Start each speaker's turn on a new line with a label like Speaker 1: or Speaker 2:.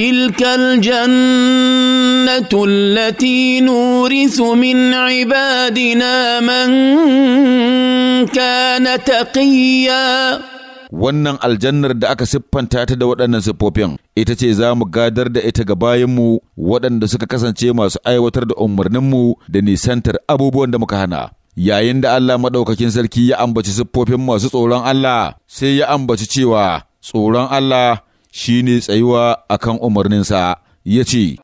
Speaker 1: تلك الجنة التي نورث من عبادنا من كان تقيا
Speaker 2: wannan aljannar da aka siffanta ta da waɗannan siffofin ita ce za mu gadar da ita ga bayanmu waɗanda suka kasance masu aiwatar da umarninmu da nisantar abubuwan da muka hana yayin da Allah maɗaukakin sarki ya ambaci siffofin masu tsoron Allah sai ya ambaci cewa tsoron Allah shi ne tsayuwa akan
Speaker 3: umarninsa ya ce